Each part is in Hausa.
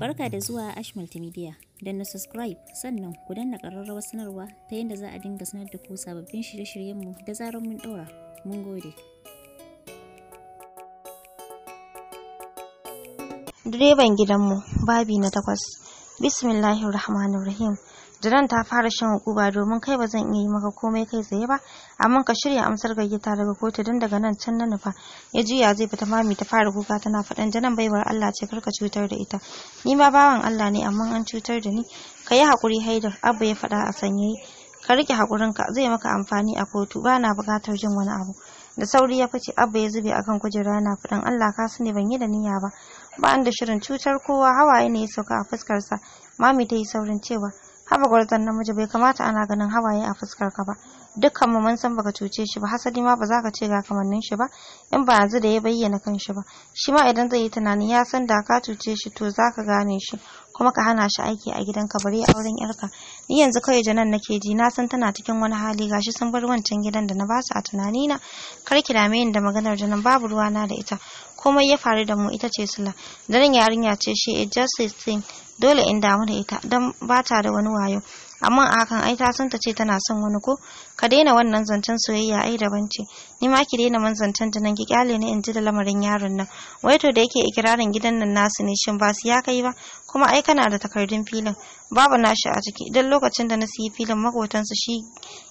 Barka da zuwa Ash Multimedia. Don na subscribe sannan ku danna ƙararrawar sanarwa ta yadda za a dinga sanar da ku sababbin shirye-shiryenmu da zarar mun ɗora. Mun gode. Direban gidanmu, babi na takwas. Bismillahirrahmanirrahim. janan ta fara shan hukuba domin kai ba zan iya yi maka komai kai tsaye ba, amma ka shirya amsar gayyata daga kotu don daga nan can na nufa. Ya juya zai fita mami ta fara kuka tana faɗan janan baiwar Allah ce karka cutar da ita. Ni ma bawan Allah ne amma an cutar da ni. Ka yi haƙuri haidar abu ya faɗa a sanye. Ka riƙe haƙurinka zai maka amfani a kotu ba na buƙatar jin wani abu. Da sauri ya fice abu ya zube akan kujera yana faɗan Allah ka sani ban yi da niyya ba. Ba da shirin cutar kowa hawaye ne ya sauka a fuskarsa. Mami ta yi saurin cewa haba gwarzon namiji bai kamata ana ganin hawaye a fuskar ka ba dukkan mu mun san baka cuce shi ba hasali ma ba za ka ce ga kamannin shi ba in ba yanzu da ya bayyana kan shi ba shi ma idan zai yi tunani ya san da ka cuce shi to za ka gane shi kuma ka hana shi aiki a gidanka bari auren yarka ni yanzu kawai janan nake ji na san tana cikin wani hali gashi sun bar wancan gidan da na ba su a na. kar ki dame ni da maganar janan babu ruwa na da ita komai ya faru da mu ita ce sula daren yarinya ce shi it just thing dole in damu da ita don ba ta da wani wayo amma a hakan ai ta san ta ce tana son wani ko ka daina wannan zancen soyayya ai daban ce ni ma ki daina man zancen nan ki kyale ni in ji da lamarin yaron nan wai to da yake ikirarin gidan nan nasu ne shin ba su ya kai ba kuma ai kana da takardun filin babu nashi a ciki idan lokacin da na siyi filin makotansu shi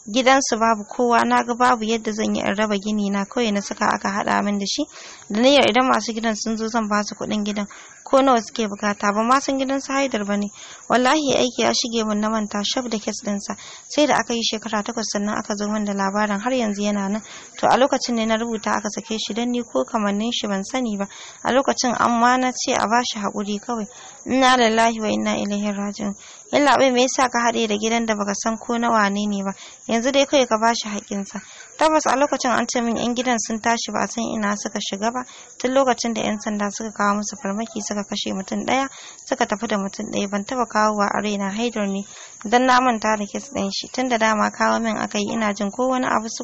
gidansu babu kowa na ga babu yadda zan yi in raba gini na kawai na saka aka haɗa min da shi da niyyar idan masu gidan sun zo zan ba su kuɗin gidan ko nawa suke bukata ba ma san gidan su haidar ba ne wallahi aiki ya shige mun na manta shaf da kes dinsa sai da aka yi shekara takwas sannan aka zo min da labarin har yanzu yana nan to a lokacin ne na rubuta aka sake shi dan ni ko kamannin shi ban sani ba a lokacin amma na ce a bashi hakuri kawai inna lillahi wa inna ilaihi raji'un yalla bai me yasa ka haɗe da gidan da baka san ko nawa ne ne ba yanzu dai kawai ka bashi sa tabbas a lokacin an ce min yan gidan sun tashi ba a san ina suka shiga ba tun lokacin da yan sanda suka kawo musu farmaki suka kashe mutum ɗaya suka tafi da mutum ɗaya ban taɓa kawo wa na haidar ne dan na manta da kes ɗin shi tun da dama kawo min aka yi ina jin ko wani abu su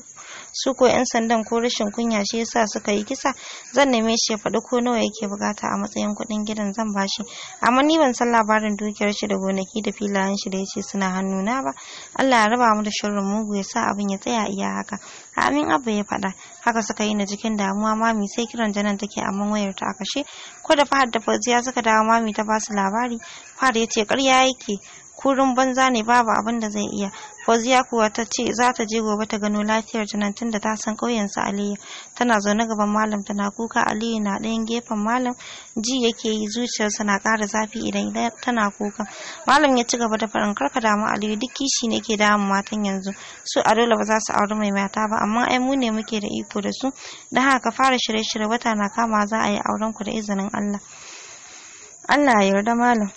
su ko yan sandan ko rashin kunya shi yasa suka yi kisa zan neme shi ya faɗi ko nawa yake bukata a matsayin kuɗin gidan zan bashi amma ni ban san labarin dukiyar shi da gonaki da filayen shi da yace suna hannuna ba Allah ya raba mu da shirin mugu ya sa abin ya tsaya iya haka amin abu ya faɗa haka suka yi na jikin damuwa mami sai kiran janan take amma wayar ta a kashe ko da fahad da fauziya suka dawo mami ta basu labari fahad ya ce ƙarya yake kurun banza ne babu abin da zai iya fauziya kuwa ta ce za ta je gobe ta gano lafiyar ta tun da ta san ƙauyen su aliyu tana zaune gaban malam tana kuka aliyu na ɗayan gefen malam ji yake yi zuciyarsa na ƙara zafi idan tana kuka malam ya ci gaba da faɗin karka damu aliyu duk kishi ne ke damun matan yanzu su a dole ba za su auri mai mata ba amma ai mu ne muke da iko da su da haka fara shirye-shirye wata na kama za a yi auren ku da izinin Allah Allah ya yarda malam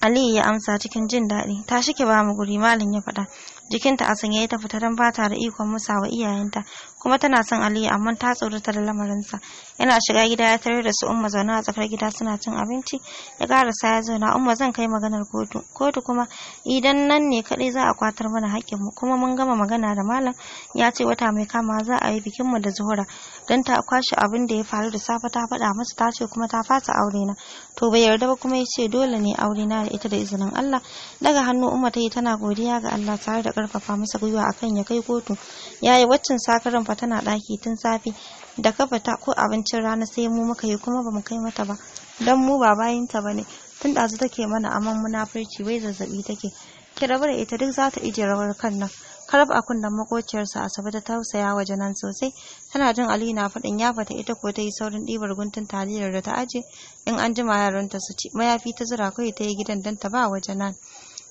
Aliyu ya amsa cikin jin daɗi. Tashi ki bamu guri, malam ya faɗa. jikinta a sanye ta fita don ba ta da ikon musa wa iyayenta kuma tana son aliyu amma ta tsorata da lamarinsa yana shiga gida ya tarar da su umma zauna a tsakar gida suna cin abinci ya gara sa ya zauna umma zan kai maganar kotu kotu kuma idan nan ne kadai za a kwatar mana haƙƙinmu kuma mun gama magana da malam ya ce wata mai kama za a yi bikinmu da zuhura don ta kwashe abin da ya faru da safe ta faɗa masa ta ce kuma ta fasa aure na to bai yarda ba kuma ya ce dole ne aure na da ita da izinin Allah daga hannu umma ta yi tana godiya ga Allah tare da karfafa masa gwiwa akan ya kai kotu yayi waccan sakaran fa tana daki tun safi. da kafa ta ko abincin rana sai mu muka yi kuma bamu kai mata ba dan mu ba bayinta bane tun ɗazu take mana aman munafurci wai zazzabi take ki rabu ita duk zata ta ije rawar kan nan karab a kunnen makociyarsa asabe ta tausaya wa janan sosai tana jin aliyu na faɗin ya fata ita ko ta yi saurin ɗibar guntun taliyar da ta aje in an jima yaranta su ci mayafi ta zura kawai ta yi gidan don ta ba wa janan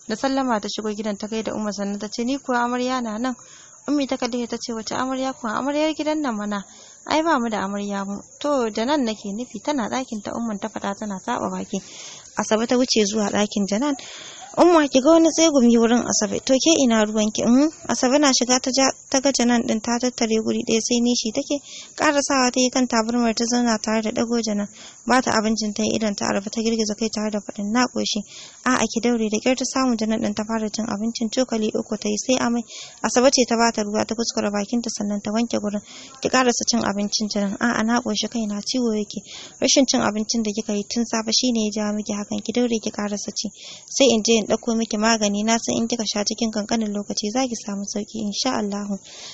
da sallama ta shigo gidan ta gaida umma sannan ta ce ni kuwa amarya na nan ummi ta kalle ta ce wace amarya kuwa amaryar gidan nan mana ai ba mu da amarya mu to da nan nake nufi tana ɗakin ta umman ta faɗa tana saba baki asabe ta wuce zuwa ɗakin janan umma ki ga wani tsegumi wurin asabe to ke ina ruwanki in mm, asabe na shiga ta ta gaje nan din ta tattare guri ɗaya sai nishi take karasawa ta yi kan tabarmar ta zauna tare da dago janan ba ta abincin ta yi idan ta arba ta girgiza kai tare da faɗin na ƙoshi a ki daure da kyar ta samu janan din ta fara cin abincin cokali uku ta yi sai amai asabe ce ta bata ruwa ta kuskura ta sannan ta wanke gurin ki karasa cin abincin janan a na ƙoshi kai na ciwo yake rashin cin abincin da kika yi tun safe shine ya jawo miki hakan ki daure ki karasa ci sai in je in ɗauko miki magani na san in kika sha cikin kankanin lokaci za ki samu sauki insha Allah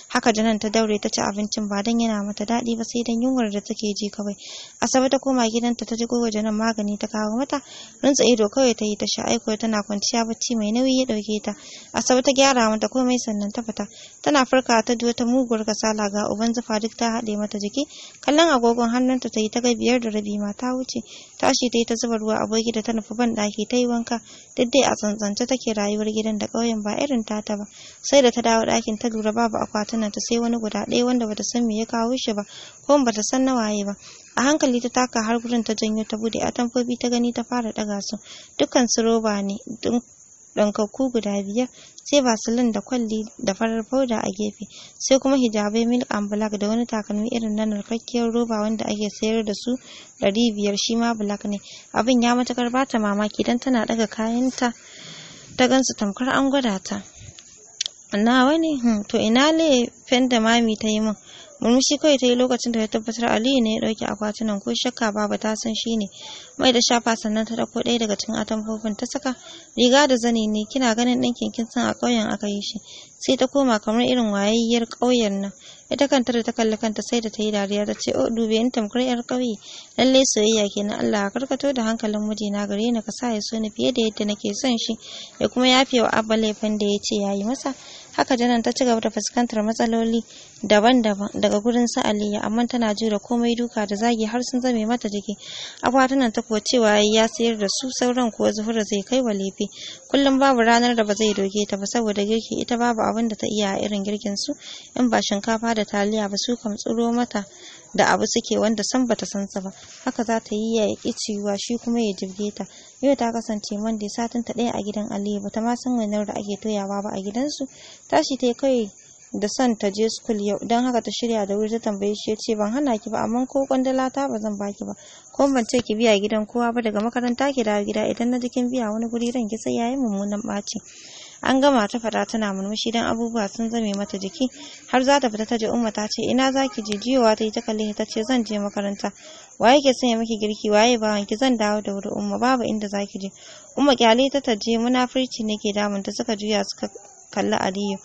haka nan ta daure ta ci abincin ba dan yana mata daɗi ba sai dan yunwar da take ji kawai asabe ta koma gidanta ta ji waje nan magani ta kawo mata rinsa ido kawai ta yi ta sha aiko tana kwanciya bacci mai nauyi ya ɗauke ta asabe ta gyara mata komai sannan ta fita tana farka ta duwa ta muguwar kasala ga uban zufa duk ta haɗe mata jiki kallon agogon hannunta ta yi ta ga biyar da rabi ma ta wuce tashi ta yi ta zuba ruwa a bogi da ta nufi ban ɗaki ta yi wanka duk dai a tsantsance take rayuwar gidan da ƙauyen ba irin tata ba sai da ta dawo ɗakin ta lura babu akwatuna ta sai wani guda ɗaya wanda bata san me ya kawo shi ba ko bata san na waye ba a hankali ta taka har gurin ta janyo ta bude atamfofi ta gani ta fara ɗaga su dukkan su roba ne ɗankakku guda biyar sai vaseline da kwalli da farar fauda a gefe sai kuma hijabai milk and black da wani takalmi irin na narkakkiyar roba wanda ake sayar da su ɗari biyar shi ma black ne abin ya matukar bata mamaki don tana ɗaga kayanta ta gansu tamkar an gwada ta nawa ne hmm, to ina ne da mami ta yi min murmushi kawai ta yi lokacin da ya tabbatar aliyu ne ya ɗauki akwatunan ko shakka babu ta san shi ne mai da shafa sannan ta ɗauko ɗaya daga cikin atamfofin ta saka riga da zani ne kina ganin ɗinkin kin san a ƙauyen aka yi shi sai ta koma kamar irin wayayyar ƙauyen nan ita kanta da ta kalli kanta sai da ta yi dariya ta ce o oh, dube in tamkar yar ƙauye Lallai, soyayya kenan Allah karkato da hankalin mijina gare ni ka sa ya so ni fiye da yadda nake son shi ya kuma yafe wa abba laifin da ya ce ya masa haka janan ta ci gaba da fuskantar matsaloli daban-daban daga gurin su Aliyu, amma tana jure komai duka da zagi har sun zame mata jiki akwatunan ta kuwa cewa ya sayar da su sauran kuwa zuhura zai kai wa lefe kullum babu ranar da ba zai doge ta ba saboda girki ita babu abin da ta iya a irin girkin su in ba shinkafa da taliya ba su kam tsuro mata da abu suke wanda san bata san sa ba haka za ta yi ya ƙi ciwa shi kuma ya jirge ta yau ta kasance monday satin ta ɗaya a gidan aliyu bata ma san wainar da ake toyawa ba a gidansu tashi ta kai da san ta je school yau don haka ta shirya da wuri ta tambaye shi ya ce ban hana ki ba amma ko kwandala ta ba zan baki ba ko ban ce ki biya gidan kowa ba daga makaranta ki da gida idan na jikin biya wani guri ran ki sai yayi mummunan ɓaci an gama ta fada tana murmushi dan abubuwa sun zame mata jiki har za ta fita ta je umma ta ce ina zaki je jiyowa ta yi ta kalle ta ce zan je makaranta waye ke sanya miki girki waye ba wanki zan dawo da wuri umma babu inda zaki je umma kyale ta ta je munafurci ne ke damun ta suka juya suka kalli Aliyu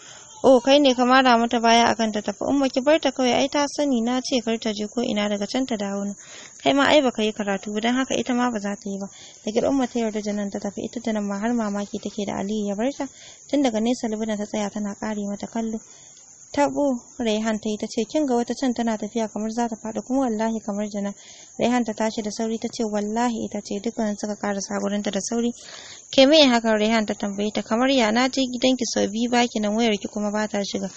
oh kai ne ka mara mata baya akan ta tafi umma ki barta kawai ai ta sani na ce kar ta je ko ina daga can ta dawo nan kai ma ai baka yi karatu ba dan haka ita ma ba za ta yi ba da gir umma ta yarda janan ta tafi ita janan ma har mamaki take da aliyu ya barta tun daga nesa libina ta tsaya tana kare mata kallo tabo Rayhan ta yi ta ce kin ga wata can tana tafiya kamar za ta fada kuma wallahi kamar jana Rayhan ta tashi da sauri ta ce wallahi ita ce dukkan suka karasa ta da sauri Ke hakan Rehan ta tambaye ta kamar ya na je gidanki sau biyu baki nan wayar ki kuma bata shiga.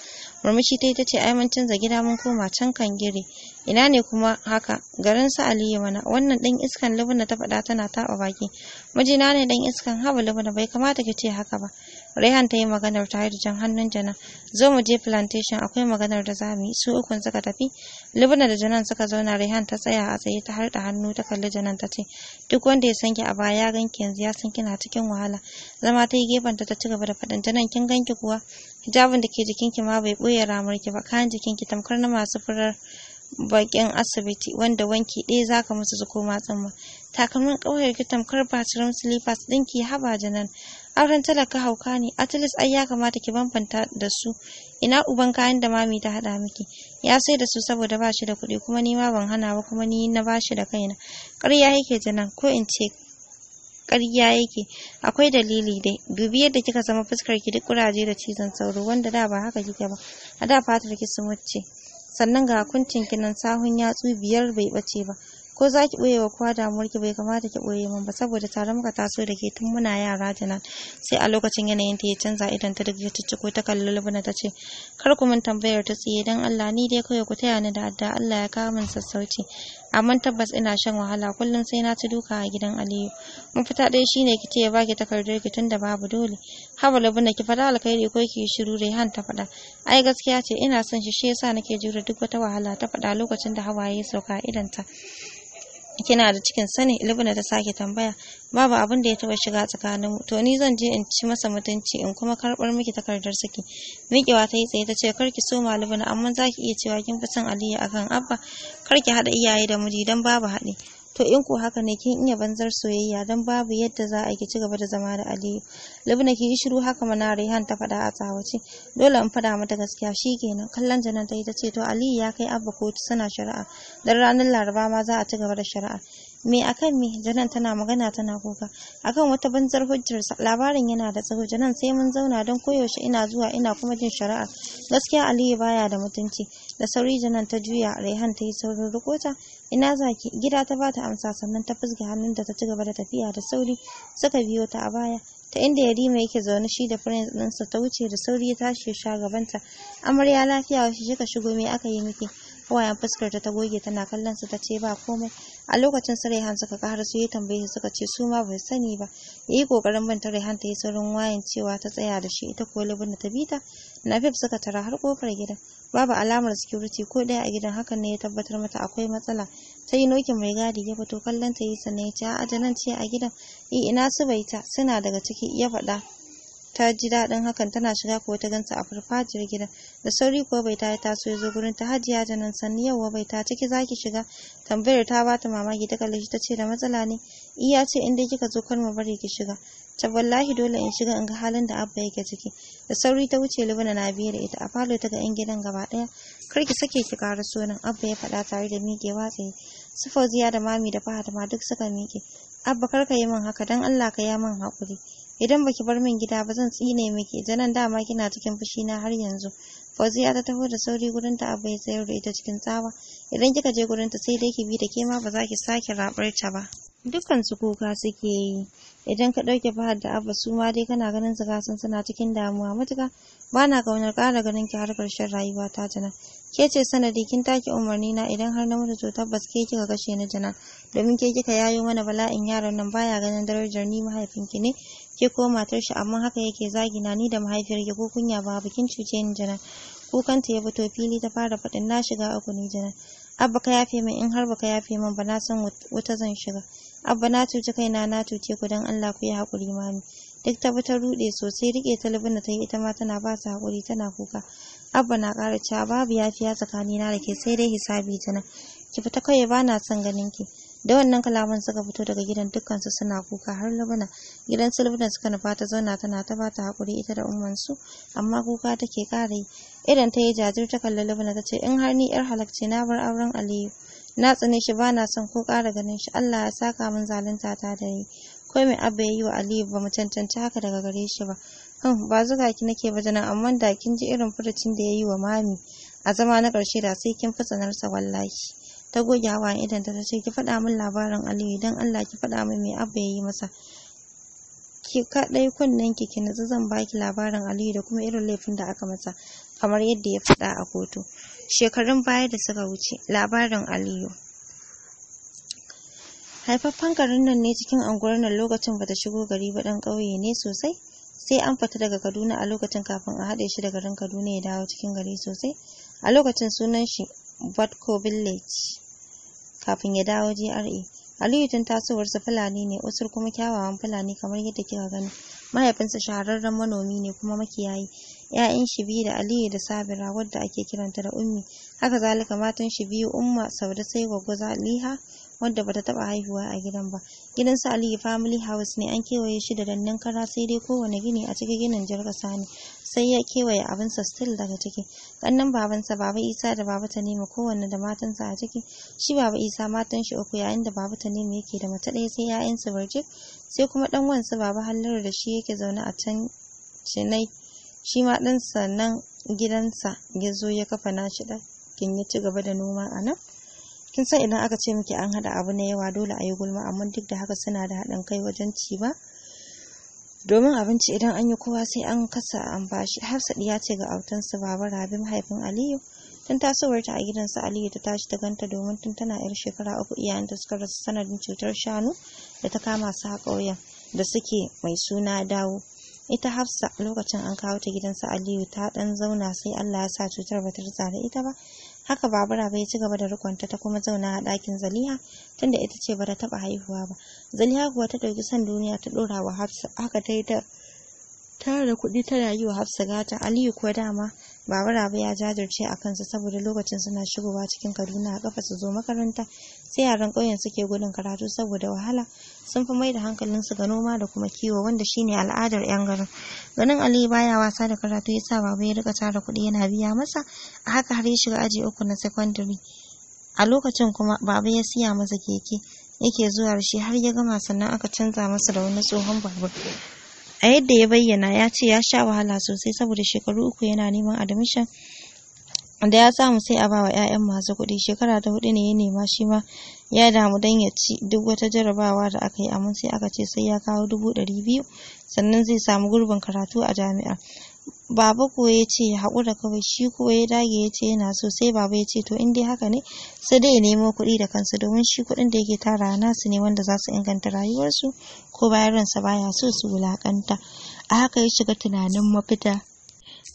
Murmushi ta yi ta ce ai mun canza gida mun koma can kan gire. Ina ne kuma haka garin su Aliyu mana wannan dan iskan lubuna ta faɗa tana taɓa baki. Mijina ne dan iskan haba lubuna bai kamata ki ce haka ba. Rehan ta yi maganar tare da jan hannun jana. Zo mu je plantation akwai maganar da za mu yi su ukun suka tafi. Lubna da Janan suka zauna Rehan ta tsaya a tsaye ta harda hannu ta kalli Janan ta ce, "Duk wanda ya san ki a baya ya ganki yanzu ya san kina cikin wahala." Zama ta yi gefen ta ta ci gaba da faɗin Janan kin ganki kuwa hijabin da ke jikin ki ma bai boye ramar ki ba kayan ki tamkar na masu furar bakin asibiti wanda wanki ɗaya zaka musu su koma tsamma takalmin ƙauyar ki tamkar batirin slippers ɗinki haba janan auren talaka hauka ne atlas ai ya kamata ki bambanta da su ina uban kayan da mami ta haɗa miki ya sai da su saboda ba shi da kuɗi kuma ni ma ban hana ba kuma ni na ba shi da kaina ƙarya yake janan ko in ce ƙarya yake akwai dalili dai dubi yadda kika zama fuskar ki duk kuraje da cizon sauro wanda da ba haka kike ba a da fatar ki su mutce sannan ga kuncin kinan sahun yatsu biyar bai bace ba ko za ki ɓoye wa kowa ki, bai kamata ki ɓoye min ba saboda tare muka taso da ke tun muna yara janan sai a lokacin yanayin ta ya canza idan ta daga ta ciko ta kalli lubuna ta ce kar ku min tambayar ta tsiye dan Allah ni dai kawai ku taya ni da adda Allah ya kawo min sassauci amma tabbas ina shan wahala kullum sai na ci duka a gidan Aliyu mun fita ɗaya shine ki ce ya baki takardar ki tunda babu dole haba lubuna ki fada alkhairi ko ki shiru han ta faɗa ai gaskiya ce ina son shi shi yasa nake jure duk wata wahala ta fada lokacin da hawaye sauka idanta kina da cikin sani Libna ta sake tambaya babu abin da ya taba shiga tsakanin mu to ni zan je in ci masa mutunci in kuma karbar miki takardar saki miƙewa ta yi tsaye ta ce kar ki so Libna amma zaki iya cewa kin fi son Aliyu akan Abba kar ki haɗa iyaye da miji dan babu haɗi To in ko haka ne kin iya banzar soyayya don babu yadda za a ki ci gaba da zama da Aliyu. Labna ki shiru haka mana Rehan ta faɗa a tsawace. Dole in faɗa mata gaskiya shi kenan. Kallon Janan ta yi ta ce to Aliyu ya kai Abba kotu suna shari'a. Dan ranar Laraba ma za a ci gaba da shari'a. me akan me janan tana magana tana kuka akan wata banzar hujjar labarin yana da tsawo janan sai mun zauna don koyaushe ina zuwa ina kuma jin shari'a gaskiya aliyu baya da mutunci da sauri janan ta juya raihan ta yi saurin rikota ina zaki gida ta bata amsa sannan ta fusga hannun da ta ci gaba da tafiya da sauri suka biyo ta a baya ta inda yarima yake zaune shi da prince ɗinsa ta wuce da sauri ya tashi ya sha gabanta amarya lafiya shi ka shigo me aka yi miki hawayen fuskar ta ta goge tana kallon su ta ce ba komai a lokacin su Rehan suka har su ya tambaye suka ce su ma ba sani ba yi kokarin bin ta Rehan ta yi saurin wayan cewa ta tsaya da shi ita ko libin ta bita Nafif suka tara har kofar gidan babu alamar security ko ɗaya a gidan hakan ne ya tabbatar mata akwai matsala ta yi nokin mai gadi ya fito kallon ta yi sannan ya ce a nan ce a gidan eh, ina su baita suna daga ciki ya faɗa ta ji daɗin hakan tana shiga ko ta gansa a farfajiyar gidan da sauri kuwa bai ta yi taso ya zo gurin ta hajiya da nan sanni yau bai ta ciki zaki shiga tambayar ta bata mamaki ta kalle shi ta ce da matsala ne iya ce in kika zo kar mu bari ki shiga ta wallahi dole in shiga in ga halin da abba yake ciki da sauri ta wuce libana na biye da ita a falo ta ga yan gidan gaba ɗaya kar ki sake ki ƙara sunan abba ya faɗa tare da miƙe tsaye su fauziya da mami da fahad ma duk suka miƙe abba kar ka yi min haka don allah ka ya min haƙuri idan baki bar min gida ba zan tsine miki zanen dama kina cikin fushi na har yanzu fauziya ta taho da sauri gurin ta abu ya tsayar da ita cikin tsawa idan kika je gurin ta sai dai ki bi da ke ma ba za ki sake rabar ta ba dukkan su kuka suke yi idan ka ɗauke fahad da abba su ma dai kana ganin su kasan suna cikin damuwa matuka ba na kaunar kara ganin ki har ƙarshen rayuwa ta jana ke ce sanadi kin taki umarni na idan har na mutu to tabbas ke kika kashe ni jana domin ke kika yayo mana bala'in yaron nan baya ganin darajar ni mahaifinki ne ke ko matar shi amma haka yake zagina ni da mahaifiyar ki ko kunya ba bikin cuce ni jana kukanta ya fito fili ta fara faɗin na shiga aku ne jana abba ka yafe min in har baka yafe min ba na san wata zan shiga abba na cuce kaina na cuce ku dan Allah ku yi hakuri mami duk ta fita rude sosai rike talabin ta yi ita ma tana ba ta hakuri tana kuka abba na kara cewa babu yafiya tsakanina da ke sai dai hisabi jana ki fita kawai ba na son ganin ki da wannan kalaman suka fito daga gidan dukkansu suna kuka har labuna. gidan silvina suka nufa ta zauna tana ta bata hakuri ita da ummansu amma kuka take ƙara yi idan ta yi jajir ta kalli labuna, ta ce in har ni yar halakce na bar auren aliyu na tsane shi ba na son ko ƙara ganin shi allah ya saka min zalunta ta da ni ko mai abba ya yi wa aliyu ba mu cancanci haka daga gare shi ba ba zuga ki nake ba jana amma da kin ji irin furucin da ya yi wa mami a zama na ƙarshe da sai kin fi tsanarsa wallahi ta goge hawa idanta ta ce ki faɗa min labarin aliyu don allah ki faɗa min me abu ya yi masa ki kaɗai kunnen ki ki nutsu zan baki labarin aliyu da kuma irin laifin da aka masa kamar yadda ya faɗa a kotu shekarun baya da suka wuce labarin aliyu haifaffan garin nan ne cikin anguwar nan lokacin bata shigo gari ba ɗan ƙauye ne sosai sai an fita daga kaduna a lokacin kafin a haɗe shi da garin kaduna ya dawo cikin gari sosai a lokacin sunan shi Batko Village kafin ya dawo GRA. Aliyu tun tasowarsa Fulani ne, usur kuma kyawawan Fulani kamar yadda kika gani. Mahaifinsa shahararren manomi ne kuma makiyayi. ‘Ya'yan shi biyu da Aliyu da Sabira wadda ake kiranta da Ummi. Haka zalika matan shi biyu Umma Saude sai gwaggo Zaliha Wanda bata taba haihuwa a gidan ba gidan su aliyu family house ne an kewaye shi da dannan kara sai dai kowane gini a cikin ginin jar ne sai ya kewaye abinsa still daga ciki kannan babansa baba isa da baba tanima kowanne da matansa a ciki shi baba isa matan shi uku yayin da baba tanima yake da mata ɗaya sai 'ya'yansa barjik sai kuma dan wansa baba halliru da shi yake zaune a can cinai shi ma ɗansa nan gidansa ya zo ya kafa nashi Kin ya ci gaba da noma a nan kin san idan aka ce miki an haɗa abu na yawa dole a yi gulma amma duk da haka suna da haɗin kai wajen ci ba domin abinci idan an yi kowa sai an kasa an bashi hafsat ya ce ga autansa baba rabi mahaifin aliyu tun ta a gidansa aliyu ta tashi ta ganta domin tun tana yar shekara uku ta suka rasa sanadin cutar shanu da ta kama su a ƙauyen da suke mai suna dawo ita hafsa lokacin an kawo ta gidansa aliyu ta dan zauna sai allah ya sa cutar bata ta da ita ba haka babura bai ci gaba da rukunta ta kuma zauna a ɗakin zaliha tunda ita ce bata taba haihuwa ba zaliha kuwa ta ɗauki son duniya ta dora wa hafsa haka ta yi ta tara kuɗi tana yi wa hafsa gata aliyu kuwa dama babura ya jajirce a kansa saboda lokacin suna shigowa cikin kaduna a kafa su zo makaranta sai yaran ƙauyen suke gudun karatu saboda wahala sun fi mai da su ga noma da kuma kiwo wanda shine al'adar 'yan garin ganin aliyu baya wasa da karatu ya sa baba ya rika tara kuɗi yana biya masa a haka har ya shiga aji uku na sakandare a lokacin kuma baba ya siya masa keke yake zuwa shi har ya gama sannan aka canza masa da wani tsohon babur a yadda ya bayyana ya ce ya sha wahala sosai saboda shekaru uku yana neman admission da ya samu sai a ba wa 'ya'yan masu kuɗi shekara ta hudu ne ya nema shi ma ya damu don ya ci duk wata jarabawa da aka yi amma sai aka ce sai ya kawo dubu ɗari biyu sannan zai samu gurbin karatu a jami'a baba ko ya ce ya haƙura kawai shi ko ya dage ya ce yana so sai baba ya ce to in dai haka ne sai dai nemo kuɗi da kansu domin shi kuɗin da yake tara nasu ne wanda za su inganta rayuwarsu ko bayan ransa baya so su wulaƙanta a haka ya shiga tunanin mafita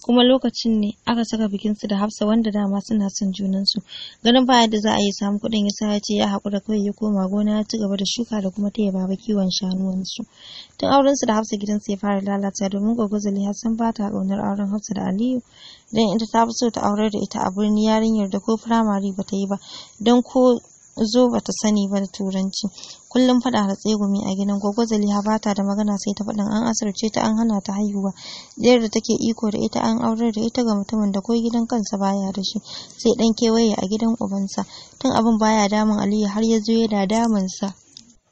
kuma lokacin ne aka saka bikinsu da hafsa wanda dama suna son junansu ganin baya da za a yi samu kuɗin ya ya ce ya haƙura kawai ya koma gona ya ci gaba da shuka da kuma taya baba kiwon shanuwansu tun aurensu da hafsa gidansu ya fara lalata domin gwagwazali har san ba ta ƙaunar auren hafsa da aliyu idan ita ta fi so ta aurar da ita a birni yarinyar da ko firamare ba ta yi ba don ko zo bata sani ba da turanci kullum faɗa da tsegumi a gidan gogo zaliha ba ta da magana sai ta faɗin an asirce ta an hana ta haihuwa ɗayar da take iko da ita an aurar da ita ga mutumin da koi gidan kansa baya da shi sai ɗan kewaye a gidan ubansa tun abin baya damun aliyu har ya zo ya da damunsa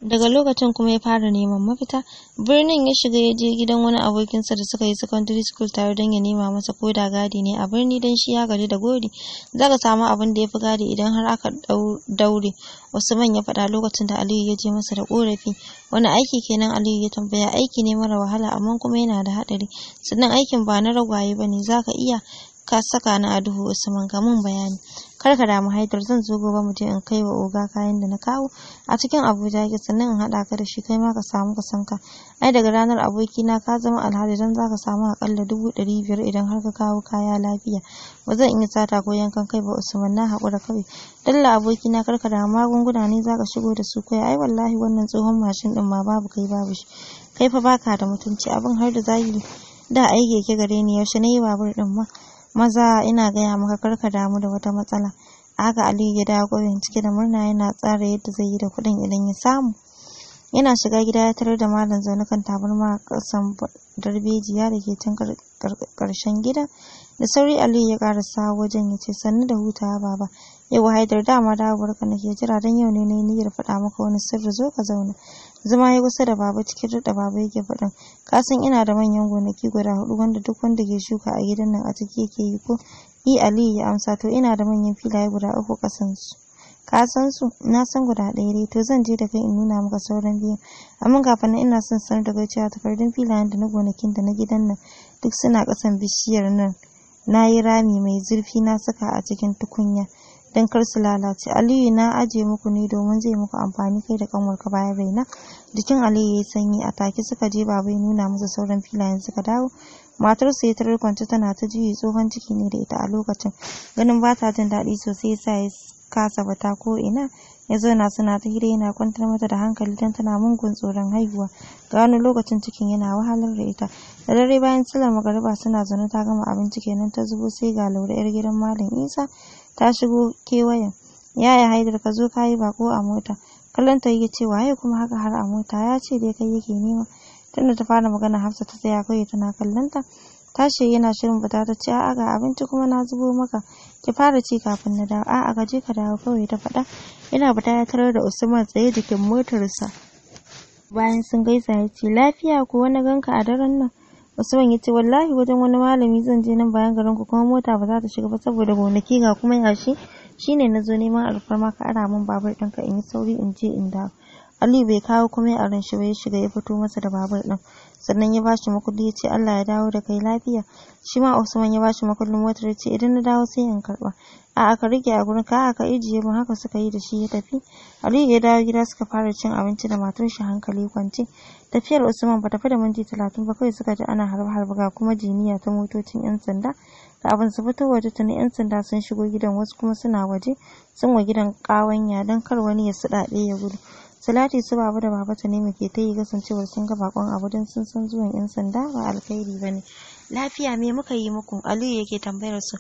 daga lokacin kuma ya fara neman mafita birnin ya shiga ya je gidan wani abokinsa da suka yi secondary school tare don ya nema masa ko da gadi ne a birni don shi ya gaji da gori zaka samu abin da ya fi gadi idan har aka daure usman ya faɗa lokacin da aliyu ya je masa da korafi wani aiki kenan aliyu ya tambaya aiki ne mara wahala amma kuma yana da haɗari sannan aikin ba na ragwaye ba ne zaka iya ka saka na a duhu usman ga mun bayani kar ka damu haidar zan zo gobe mu je in kai wa oga kayan da na kawo a cikin abuja yake sannan in haɗa ka da shi kai ma ka samu ka sanka ai daga ranar aboki na ka zama alhaji dan za ka samu akalla dubu ɗari biyar idan har ka kawo kaya lafiya ba zan iya sata ko yankan kai ba usman na haƙura kawai dalla abokina kar ka damu magunguna ne za ka shigo da su kai ai wallahi wannan tsohon mashin ɗin ma babu kai babu shi kai fa baka da mutunci abin har da zagi da ai keke gare ni yaushe na yi babur ɗin ma maza ina gaya maka kar ka damu da wata matsala haka aliyu ya dawo ƙauyen cike da murna yana tsara yadda zai yi da kuɗin idan ya samu yana shiga gida ya tarar da malam zaune kan tabarma a ƙasan darbejiya da ke can ƙarshen gidan da sauri aliyu ya karasa wajen ya ce sannu da hutawa baba yau haidar dama dawowarka nake jira don yau ne na yi niyyar faɗa maka wani sirri zo ka zauna Zama ya kusa da Baba cikin daɗa Baba yake faɗin, ka san ina da manyan gonaki guda hudu wanda duk wanda ke shuka a gidan nan a ciki yake yi ko? I e, Aliyu ya amsa to ina da manyan filaye guda uku kasan su. Ka su? Na san guda ɗaya dai to zan je da kai in nuna maka sauran biyu. Amma kafin nan ina son sanar da kai cewa takardun filayen da na gonakin da na gidan nan duk suna kasan bishiyar nan. Na yi rami mai zurfi na saka a cikin tukunya. dan kar su lalace aliyu na aje muku ne domin zai muku amfani kai da kanwarka bayan raina jikin aliyu ya sanyi a take suka je baba ya nuna musu sauran filayen suka dawo matar su ya tarar kwanci tana ta juyi tsohon ciki ne da ita a lokacin ganin ba ta jin daɗi sosai yasa ya kasa bata ko ina ya zauna suna ta hira yana kwantar mata da hankali don tana mungun tsoron haihuwa ga wani lokacin cikin yana wahalar da ita da dare bayan sallar magariba suna zaune ta gama abinci kenan ta zubo sai ga laura yar gidan malam isa ta shigo kewayen yaya haidar ka zo kayi bako a mota kallon ta ya ce waye kuma haka har a mota ya ce dai kai yake nema tunda ta fara magana hafsa ta tsaya kawai tana kallon ta tashi yana shirin fita ta ce a'a ga abinci kuma na zubo maka ki fara ci kafin na dawo a'a ka je ka dawo kawai ta faɗa yana fita ya tarar da usman tsaye jikin motarsa bayan sun gaisa ya ce lafiya ko wani ganka a daren nan Usman ya ce wallahi wajen wani malami zan je nan bayan garin ku kuma mota ba za ta shiga ba saboda gonaki ga kuma yashi shine na zo neman alfarma ka ara min babur ɗinka in yi sauri in je in dawo. Aliyu bai kawo kuma ya ran shi ba ya shiga ya fito masa da babur ɗin sannan ya bashi makulli ya ce Allah ya dawo da kai lafiya shi ma Usman ya bashi makullin motar ya ce idan na dawo sai in karɓa a'a ka rike a gurin ka aka ijiye mun haka suka yi da shi ya tafi Aliyu ya dawo gida suka fara cin abinci da matar shi hankali kwance tafiyar Usman ba tafi da minti talatin ba kai suka ji ana harba-harba ga kuma jiniya ta motocin yan sanda abin su fito waje tuni yan sanda sun shigo gidan wasu kuma suna waje sun wa gidan kawanya don kar wani ya suɗaɗe ya gudu Salati su baba da baba ta nemi ke ta yi kasancewar sun ga bakon abu don sun san zuwan yan sanda ba alkhairi ba ne. Lafiya me muka yi muku? Aliyu yake tambayar su.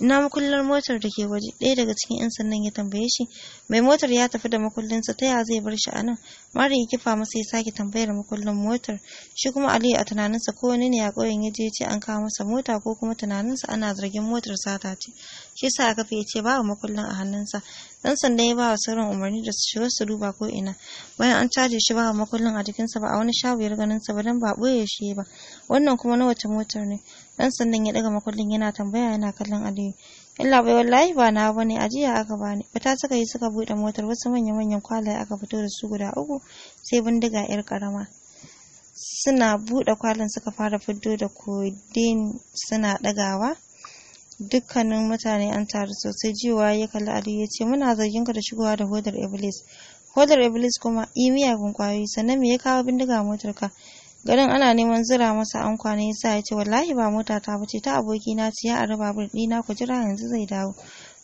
ina makullar motar da ke waje ɗaya daga cikin 'yan sannan ya tambaye shi mai motar ya tafi da makullinsa ta ya zai bar shi a nan mari ya kifa masa ya sake tambayar makullin motar shi kuma aliyu a tunaninsa ko wani ne a ƙauyen ya je ce an kawo masa mota ko kuma tunaninsa ana zargin motar sata ce shi sa aka fi ce bawa makullin a hannunsa dan sanda ya bawa sauran umarni da su shiga su duba ko ina bayan an caje shi babu makullin a jikinsa ba a wani shago ya ganinsa ba dan ba ɓoye shi ba wannan kuma na ta motar ne dan sandan ya daga makullin yana tambaya yana kallon aliyu illa bai wallahi ba na bane ajiya aka bani Bata suka yi suka bude motar wasu manya manyan kwalaye aka fito da su guda uku sai bindiga yar karama suna bude kwalin suka fara fito da kodin suna dagawa dukkanin mutane an taru sosai jiwa ya kalli aliyu ya ce muna zargin ka da shigowa da hodar iblis hodar iblis kuma yi miyagun kwayoyi sannan me ya kawo bindiga motar ka garin ana neman zira masa an kwana yasa ya ce wallahi ba mota ta bace ta aboki na ce ya araba babur dina ku jira yanzu zai dawo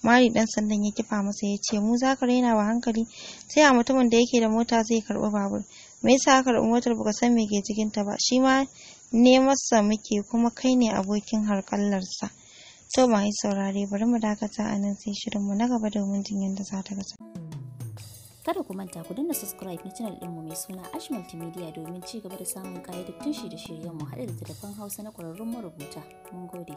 mari dan sandan ya kifa masa ya ce mu zaka raina ba hankali sai a mutumin da yake da mota zai karbi babur me yasa aka karbi motar baka san me ke cikin ta ba shi ma ne masa muke kuma kai ne abokin harkallarsa to mai yi saurare bari mu dakata a nan sai shirinmu na gaba domin jin yadda za ta gasa. Kada ku manta ku danna subscribe na channel ɗinmu mai suna Ash Multimedia domin ci gaba da samun ƙayyadattun shi da shiryenmu haɗa da telefon Hausa na ƙwararrun marubuta. Mun gode.